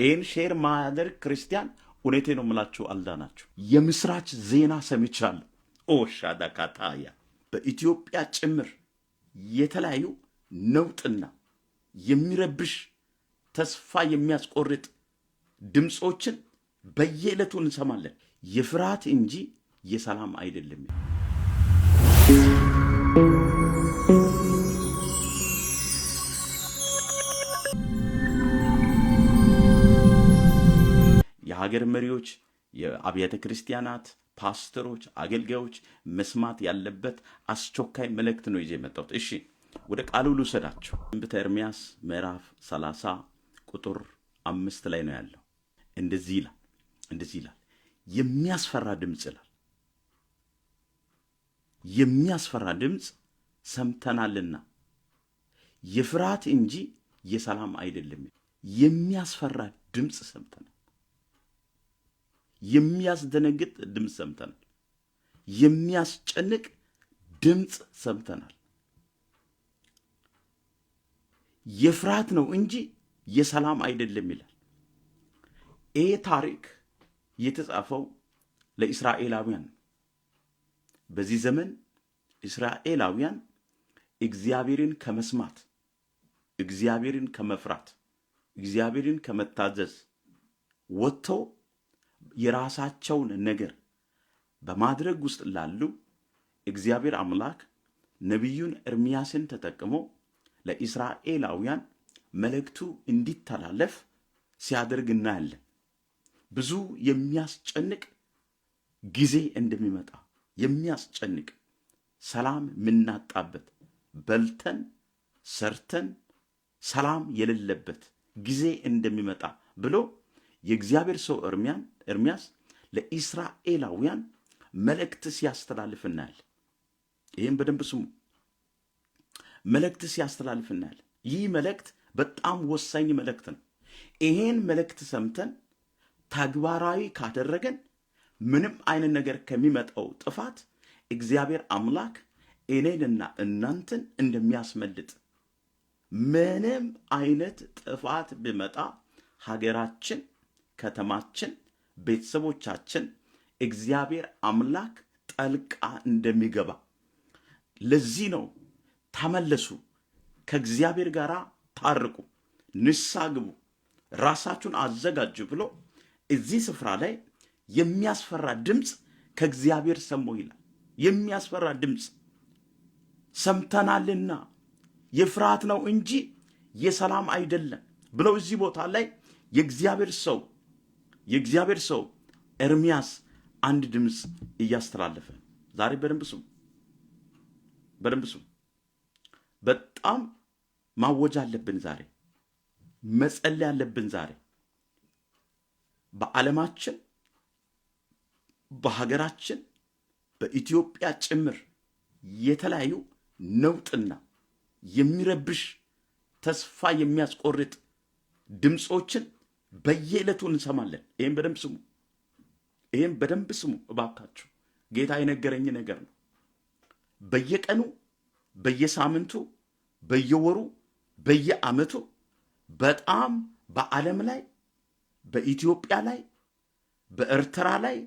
ይህን ሼር ማያደርግ ክርስቲያን እውነቴ ነው የምላችሁ አልዳናችሁ። የምስራች ዜና ሰምቻለሁ። ኦሻዳካታያ በኢትዮጵያ ጭምር የተለያዩ ነውጥና የሚረብሽ ተስፋ የሚያስቆርጥ ድምፆችን በየዕለቱ እንሰማለን። የፍርሃት እንጂ የሰላም አይደለም። የሀገር መሪዎች፣ የአብያተ ክርስቲያናት ፓስተሮች፣ አገልጋዮች መስማት ያለበት አስቸኳይ መልእክት ነው ይዤ የመጣሁት። እሺ ወደ ቃሉ ልውሰዳቸው። ትንቢተ ኤርምያስ ምዕራፍ 30 ቁጥር አምስት ላይ ነው ያለው። እንደዚህ ይላል እንደዚህ ይላል የሚያስፈራ ድምፅ ይላል የሚያስፈራ ድምፅ ሰምተናልና የፍርሃት እንጂ የሰላም አይደለም። የሚያስፈራ ድምፅ ሰምተናል። የሚያስደነግጥ ድምፅ ሰምተናል። የሚያስጨንቅ ድምፅ ሰምተናል። የፍርሃት ነው እንጂ የሰላም አይደለም ይላል። ይህ ታሪክ የተጻፈው ለእስራኤላውያን ነው። በዚህ ዘመን እስራኤላውያን እግዚአብሔርን ከመስማት፣ እግዚአብሔርን ከመፍራት፣ እግዚአብሔርን ከመታዘዝ ወጥተው የራሳቸውን ነገር በማድረግ ውስጥ ላሉ እግዚአብሔር አምላክ ነቢዩን ኤርምያስን ተጠቅሞ ለእስራኤላውያን መልእክቱ እንዲተላለፍ ሲያደርግ እናያለን። ብዙ የሚያስጨንቅ ጊዜ እንደሚመጣ የሚያስጨንቅ ሰላም የምናጣበት በልተን ሰርተን ሰላም የሌለበት ጊዜ እንደሚመጣ ብሎ የእግዚአብሔር ሰው ኤርሚያስ ለኢስራኤላውያን መልእክት ሲያስተላልፍ ይህም በደንብ ስሙ። መልእክት ሲያስተላልፍ ይህ መልእክት በጣም ወሳኝ መልእክት ነው። ይሄን መልእክት ሰምተን ተግባራዊ ካደረገን ምንም አይነት ነገር ከሚመጣው ጥፋት እግዚአብሔር አምላክ እኔንና እናንተን እንደሚያስመልጥ ምንም አይነት ጥፋት ቢመጣ ሀገራችን ከተማችን፣ ቤተሰቦቻችን እግዚአብሔር አምላክ ጠልቃ እንደሚገባ ለዚህ ነው ተመለሱ፣ ከእግዚአብሔር ጋር ታርቁ፣ ንሳ ግቡ፣ ራሳችሁን አዘጋጁ ብሎ እዚህ ስፍራ ላይ የሚያስፈራ ድምፅ ከእግዚአብሔር ሰሞ ይላል። የሚያስፈራ ድምፅ ሰምተናልና የፍርሃት ነው እንጂ የሰላም አይደለም ብለው እዚህ ቦታ ላይ የእግዚአብሔር ሰው የእግዚአብሔር ሰው ኤርሚያስ አንድ ድምፅ እያስተላለፈ ዛሬ በደንብ ስሙ፣ በደንብ ስሙ። በጣም ማወጅ አለብን ዛሬ፣ መጸለይ አለብን ዛሬ። በዓለማችን በሀገራችን በኢትዮጵያ ጭምር የተለያዩ ነውጥና የሚረብሽ ተስፋ የሚያስቆርጥ ድምፆችን በየዕለቱ እንሰማለን። ይህም በደንብ ስሙ፣ ይህም በደንብ ስሙ እባካችሁ። ጌታ የነገረኝ ነገር ነው። በየቀኑ በየሳምንቱ፣ በየወሩ፣ በየዓመቱ በጣም በዓለም ላይ በኢትዮጵያ ላይ በኤርትራ ላይ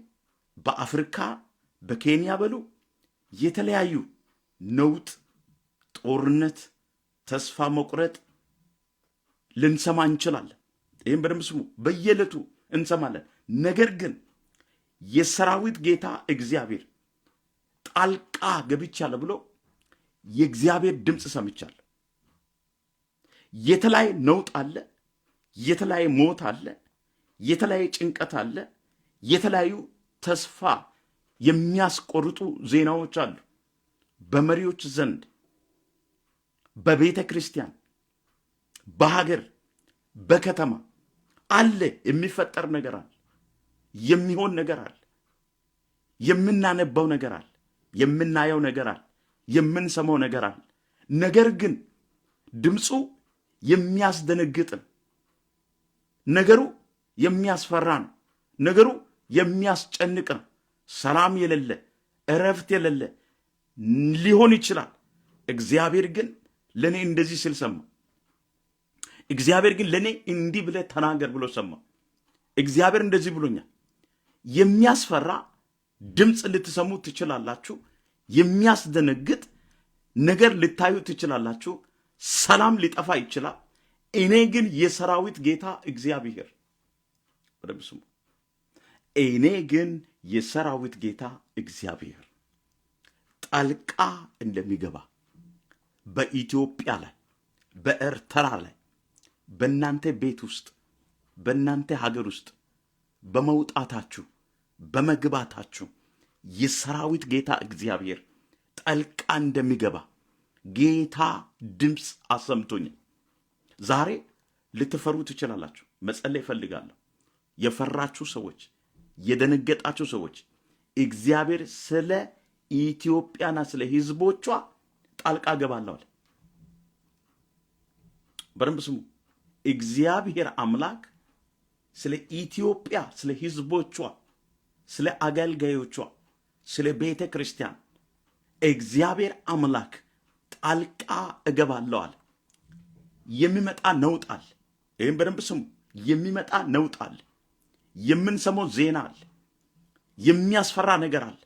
በአፍሪካ በኬንያ በሉ የተለያዩ ነውጥ፣ ጦርነት፣ ተስፋ መቁረጥ ልንሰማ እንችላለን። ይህም በደንብ ስሙ። በየዕለቱ እንሰማለን። ነገር ግን የሰራዊት ጌታ እግዚአብሔር ጣልቃ ገብቻለሁ ብሎ የእግዚአብሔር ድምፅ ሰምቻለሁ። የተለያየ ነውጥ አለ፣ የተለያየ ሞት አለ፣ የተለያየ ጭንቀት አለ፣ የተለያዩ ተስፋ የሚያስቆርጡ ዜናዎች አሉ በመሪዎች ዘንድ በቤተ ክርስቲያን፣ በሀገር፣ በከተማ አለ። የሚፈጠር ነገር አለ። የሚሆን ነገር አለ። የምናነባው ነገር አለ። የምናየው ነገር አለ። የምንሰማው ነገር አለ። ነገር ግን ድምፁ የሚያስደነግጥ ነው። ነገሩ የሚያስፈራ ነው። ነገሩ የሚያስጨንቅ ነው። ሰላም የሌለ እረፍት የሌለ ሊሆን ይችላል። እግዚአብሔር ግን ለእኔ እንደዚህ ስል ሰማ እግዚአብሔር ግን ለእኔ እንዲህ ብለህ ተናገር ብሎ ሰማ እግዚአብሔር እንደዚህ ብሎኛል። የሚያስፈራ ድምፅ ልትሰሙ ትችላላችሁ። የሚያስደነግጥ ነገር ልታዩ ትችላላችሁ። ሰላም ሊጠፋ ይችላል። እኔ ግን የሰራዊት ጌታ እግዚአብሔር ስሙ። እኔ ግን የሰራዊት ጌታ እግዚአብሔር ጣልቃ እንደሚገባ በኢትዮጵያ ላይ በኤርትራ ላይ በእናንተ ቤት ውስጥ በእናንተ ሀገር ውስጥ በመውጣታችሁ በመግባታችሁ የሰራዊት ጌታ እግዚአብሔር ጠልቃ እንደሚገባ ጌታ ድምፅ አሰምቶኛል። ዛሬ ልትፈሩ ትችላላችሁ። መጸለይ እፈልጋለሁ። የፈራችሁ ሰዎች፣ የደነገጣችሁ ሰዎች እግዚአብሔር ስለ ኢትዮጵያና ስለ ሕዝቦቿ ጣልቃ ገባለዋል። በደንብ ስሙ። እግዚአብሔር አምላክ ስለ ኢትዮጵያ፣ ስለ ህዝቦቿ፣ ስለ አገልጋዮቿ፣ ስለ ቤተ ክርስቲያን እግዚአብሔር አምላክ ጣልቃ እገባለዋል። የሚመጣ ነውጣል። ይህም በደንብ ስሙ። የሚመጣ ነውጣል። የምንሰማው ዜና አለ። የሚያስፈራ ነገር አለ።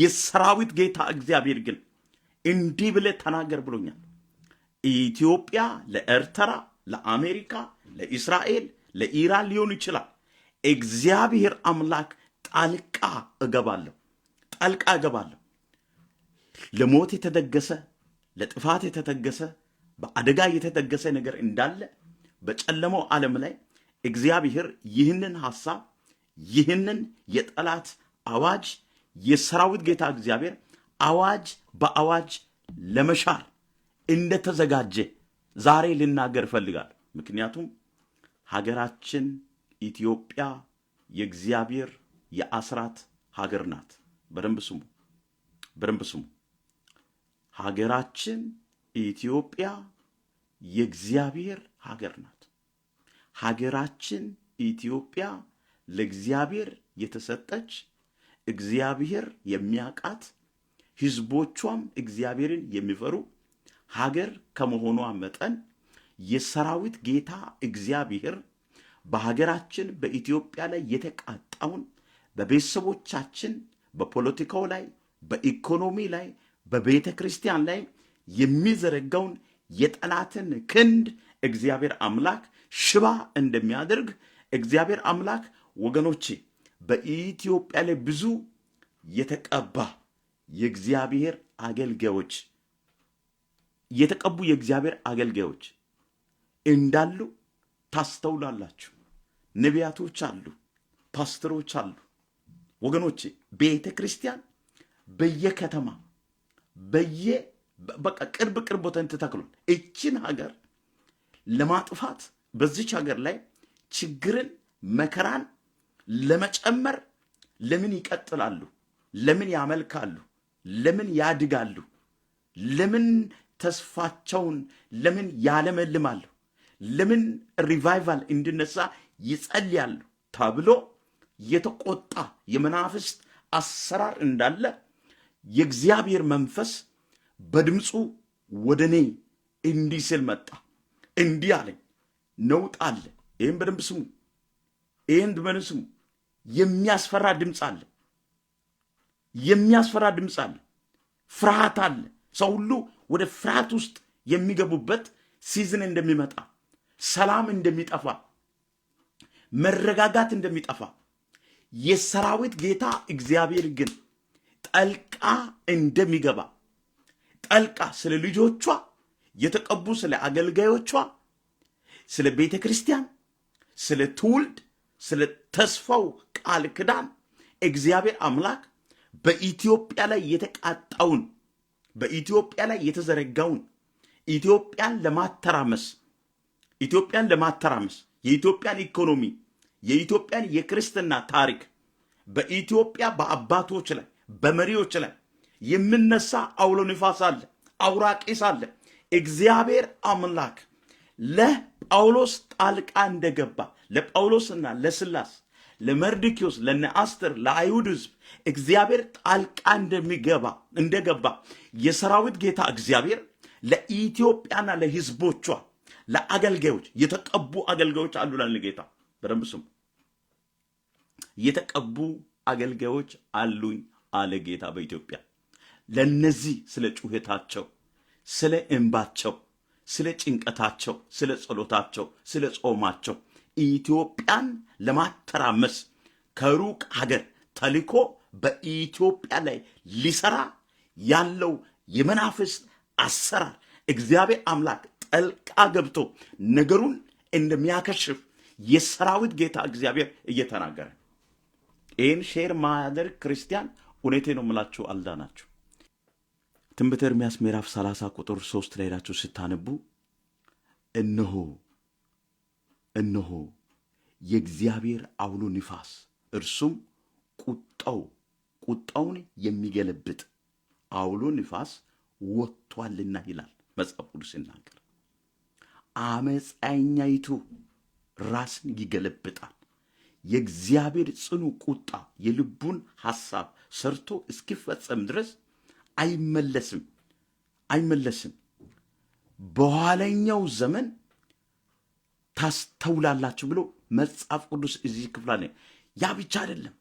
የሰራዊት ጌታ እግዚአብሔር ግን እንዲህ ብለህ ተናገር ብሎኛል። ኢትዮጵያ ለኤርትራ ለአሜሪካ፣ ለእስራኤል፣ ለኢራን ሊሆን ይችላል። እግዚአብሔር አምላክ ጣልቃ እገባለሁ ጣልቃ እገባለሁ። ለሞት የተደገሰ ለጥፋት የተደገሰ በአደጋ የተደገሰ ነገር እንዳለ በጨለመው ዓለም ላይ እግዚአብሔር ይህንን ሐሳብ ይህንን የጠላት አዋጅ የሰራዊት ጌታ እግዚአብሔር አዋጅ በአዋጅ ለመሻር እንደተዘጋጀ ዛሬ ልናገር እፈልጋለሁ። ምክንያቱም ሀገራችን ኢትዮጵያ የእግዚአብሔር የአስራት ሀገር ናት። በደንብ ስሙ፣ በደንብ ስሙ። ሀገራችን ኢትዮጵያ የእግዚአብሔር ሀገር ናት። ሀገራችን ኢትዮጵያ ለእግዚአብሔር የተሰጠች እግዚአብሔር የሚያውቃት ሕዝቦቿም እግዚአብሔርን የሚፈሩ ሀገር ከመሆኗ መጠን የሰራዊት ጌታ እግዚአብሔር በሀገራችን በኢትዮጵያ ላይ የተቃጣውን በቤተሰቦቻችን፣ በፖለቲካው ላይ፣ በኢኮኖሚ ላይ፣ በቤተ ክርስቲያን ላይ የሚዘረጋውን የጠላትን ክንድ እግዚአብሔር አምላክ ሽባ እንደሚያደርግ እግዚአብሔር አምላክ ወገኖቼ በኢትዮጵያ ላይ ብዙ የተቀባ የእግዚአብሔር አገልጋዮች የተቀቡ የእግዚአብሔር አገልጋዮች እንዳሉ ታስተውላላችሁ። ነቢያቶች አሉ፣ ፓስተሮች አሉ። ወገኖቼ ቤተ ክርስቲያን በየከተማ በየ በቃ ቅርብ ቅርብ ቦታን ተተክሏል። እችን ሀገር ለማጥፋት በዚች ሀገር ላይ ችግርን መከራን ለመጨመር ለምን ይቀጥላሉ? ለምን ያመልካሉ? ለምን ያድጋሉ? ለምን ተስፋቸውን ለምን ያለመልማሉ? ለምን ሪቫይቫል እንዲነሳ ይጸልያሉ? ተብሎ የተቆጣ የመናፍስት አሰራር እንዳለ የእግዚአብሔር መንፈስ በድምፁ ወደ እኔ እንዲህ ስል መጣ። እንዲህ አለኝ፣ ነውጥ አለ። ይህን በደንብ ስሙ፣ ይህን ድመን ስሙ። የሚያስፈራ ድምፅ አለ፣ የሚያስፈራ ድምፅ አለ፣ ፍርሃት አለ። ሰው ሁሉ ወደ ፍርሃት ውስጥ የሚገቡበት ሲዝን እንደሚመጣ፣ ሰላም እንደሚጠፋ፣ መረጋጋት እንደሚጠፋ የሰራዊት ጌታ እግዚአብሔር ግን ጠልቃ እንደሚገባ ጠልቃ ስለ ልጆቿ የተቀቡ ስለ አገልጋዮቿ፣ ስለ ቤተ ክርስቲያን፣ ስለ ትውልድ፣ ስለ ተስፋው ቃል ክዳን እግዚአብሔር አምላክ በኢትዮጵያ ላይ የተቃጣውን በኢትዮጵያ ላይ የተዘረጋውን ኢትዮጵያን ለማተራመስ ኢትዮጵያን ለማተራመስ የኢትዮጵያን ኢኮኖሚ የኢትዮጵያን የክርስትና ታሪክ በኢትዮጵያ በአባቶች ላይ በመሪዎች ላይ የሚነሳ አውሎ ንፋስ አለ፣ አውራ አለ። እግዚአብሔር አምላክ ለጳውሎስ ጣልቃ እንደገባ ለጳውሎስና ለስላስ ለመርድኪዮስ ለነ አስተር ለአይሁድ ህዝብ እግዚአብሔር ጣልቃ እንደሚገባ እንደገባ የሰራዊት ጌታ እግዚአብሔር ለኢትዮጵያና ለህዝቦቿ ለአገልጋዮች የተቀቡ አገልጋዮች አሉ ላል ጌታ በደንብ ስሙ። የተቀቡ አገልጋዮች አሉኝ አለ ጌታ በኢትዮጵያ። ለነዚህ ስለ ጩኸታቸው፣ ስለ እንባቸው፣ ስለ ጭንቀታቸው፣ ስለ ጸሎታቸው፣ ስለ ጾማቸው ኢትዮጵያን ለማተራመስ ከሩቅ ሀገር ተልኮ በኢትዮጵያ ላይ ሊሰራ ያለው የመናፍስት አሰራር እግዚአብሔር አምላክ ጠልቃ ገብቶ ነገሩን እንደሚያከሽፍ የሰራዊት ጌታ እግዚአብሔር እየተናገረ ይህን ሼር ማያደርግ ክርስቲያን እውነቴ ነው የምላችሁ አልዳናችሁ። ትንቢተ ኤርምያስ ምዕራፍ 30 ቁጥር 3 ላይ ሄዳችሁ ስታነቡ እነሆ እነሆ የእግዚአብሔር አውሎ ንፋስ እርሱም ቁጣው ቁጣውን የሚገለብጥ አውሎ ንፋስ ወጥቷልና ይላል መጽሐፍ ቅዱስ ሲናገር። አመፃኛይቱ ራስን ይገለብጣል። የእግዚአብሔር ጽኑ ቁጣ የልቡን ሐሳብ ሰርቶ እስኪፈጸም ድረስ አይመለስም አይመለስም። በኋለኛው ዘመን ታስተውላላችሁ ብሎ መጽሐፍ ቅዱስ እዚህ ክፍላ ላይ ያ ብቻ አይደለም፣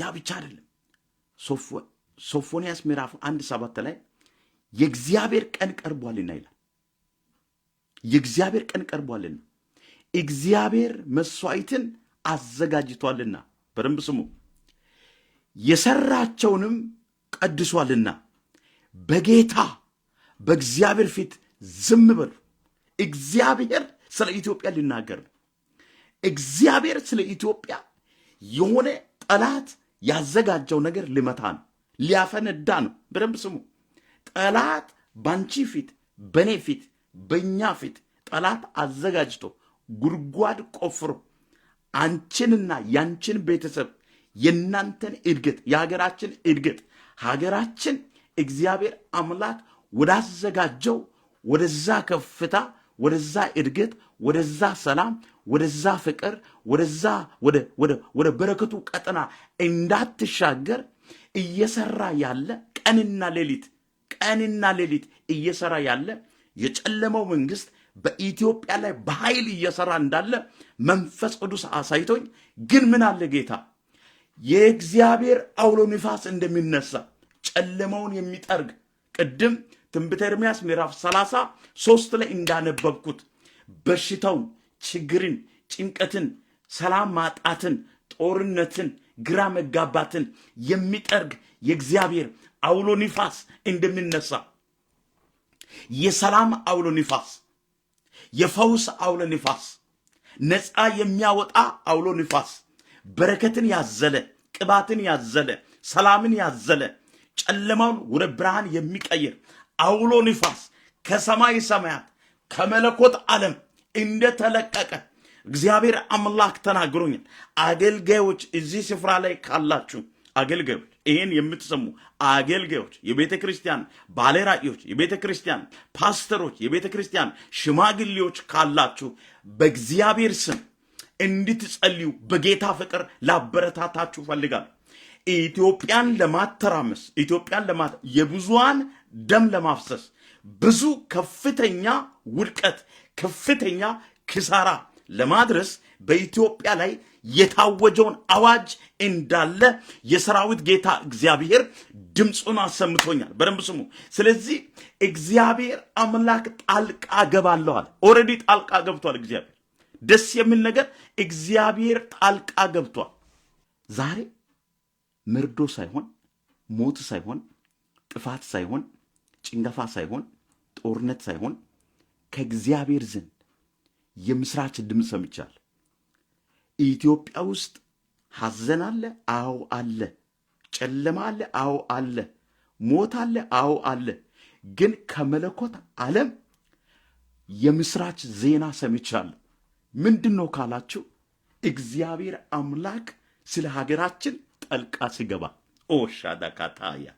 ያ ብቻ አይደለም። ሶፎንያስ ምዕራፍ አንድ ሰባት ላይ የእግዚአብሔር ቀን ቀርቧልና ይላል። የእግዚአብሔር ቀን ቀርቧልና እግዚአብሔር መስዋዕትን አዘጋጅቷልና፣ በደንብ ስሙ፣ የሰራቸውንም ቀድሷልና በጌታ በእግዚአብሔር ፊት ዝም በሉ። እግዚአብሔር ስለ ኢትዮጵያ ሊናገር ነው። እግዚአብሔር ስለ ኢትዮጵያ የሆነ ጠላት ያዘጋጀው ነገር ሊመታ ነው፣ ሊያፈነዳ ነው። በደንብ ስሙ። ጠላት ባንቺ ፊት፣ በእኔ ፊት፣ በእኛ ፊት ጠላት አዘጋጅቶ ጉድጓድ ቆፍሮ አንቺንና ያንቺን ቤተሰብ የእናንተን እድገት የሀገራችን እድገት ሀገራችን እግዚአብሔር አምላክ ወዳዘጋጀው ወደዛ ከፍታ ወደዛ እድገት፣ ወደዛ ሰላም፣ ወደዛ ፍቅር፣ ወደዛ ወደ በረከቱ ቀጠና እንዳትሻገር እየሰራ ያለ ቀንና ሌሊት ቀንና ሌሊት እየሰራ ያለ የጨለመው መንግስት በኢትዮጵያ ላይ በኃይል እየሰራ እንዳለ መንፈስ ቅዱስ አሳይቶኝ፣ ግን ምን አለ ጌታ የእግዚአብሔር አውሎ ንፋስ እንደሚነሳ ጨለመውን የሚጠርግ ቅድም ትንቢተ ኤርምያስ ምዕራፍ 30 ሶስት ላይ እንዳነበብኩት በሽታውን፣ ችግርን፣ ጭንቀትን፣ ሰላም ማጣትን፣ ጦርነትን፣ ግራ መጋባትን የሚጠርግ የእግዚአብሔር አውሎ ንፋስ እንደሚነሳ የሰላም አውሎ ንፋስ፣ የፈውስ አውሎ ንፋስ፣ ነፃ የሚያወጣ አውሎ ንፋስ በረከትን ያዘለ ቅባትን ያዘለ ሰላምን ያዘለ ጨለማውን ወደ ብርሃን የሚቀይር አውሎ ንፋስ ከሰማይ ሰማያት ከመለኮት ዓለም እንደተለቀቀ እግዚአብሔር አምላክ ተናግሮኛል። አገልጋዮች እዚህ ስፍራ ላይ ካላችሁ አገልጋዮች ይህን የምትሰሙ አገልጋዮች፣ የቤተ ክርስቲያን ባለራእዮች፣ የቤተ ክርስቲያን ፓስተሮች፣ የቤተ ክርስቲያን ሽማግሌዎች ካላችሁ በእግዚአብሔር ስም እንድትጸልዩ በጌታ ፍቅር ላበረታታችሁ ፈልጋል። ኢትዮጵያን ለማተራመስ ኢትዮጵያን ለማ የብዙዋን ደም ለማፍሰስ ብዙ ከፍተኛ ውድቀት፣ ከፍተኛ ክሳራ ለማድረስ በኢትዮጵያ ላይ የታወጀውን አዋጅ እንዳለ የሰራዊት ጌታ እግዚአብሔር ድምፁን አሰምቶኛል። በደንብ ስሙ። ስለዚህ እግዚአብሔር አምላክ ጣልቃ ገባለሁ አለ። ኦልሬዲ ጣልቃ ገብቷል። እግዚአብሔር ደስ የሚል ነገር፣ እግዚአብሔር ጣልቃ ገብቷል። ዛሬ መርዶ ሳይሆን ሞት ሳይሆን ጥፋት ሳይሆን ጭንገፋ ሳይሆን ጦርነት ሳይሆን ከእግዚአብሔር ዘንድ የምስራች ድምፅ ሰምቻል። ኢትዮጵያ ውስጥ ሐዘን አለ፣ አዎ አለ። ጨለማ አለ፣ አዎ አለ። ሞት አለ፣ አዎ አለ። ግን ከመለኮት ዓለም የምስራች ዜና ሰምቻል ምንድን ነው ካላችሁ እግዚአብሔር አምላክ ስለ ሀገራችን ጠልቃ ሲገባ ኦሻዳካታያ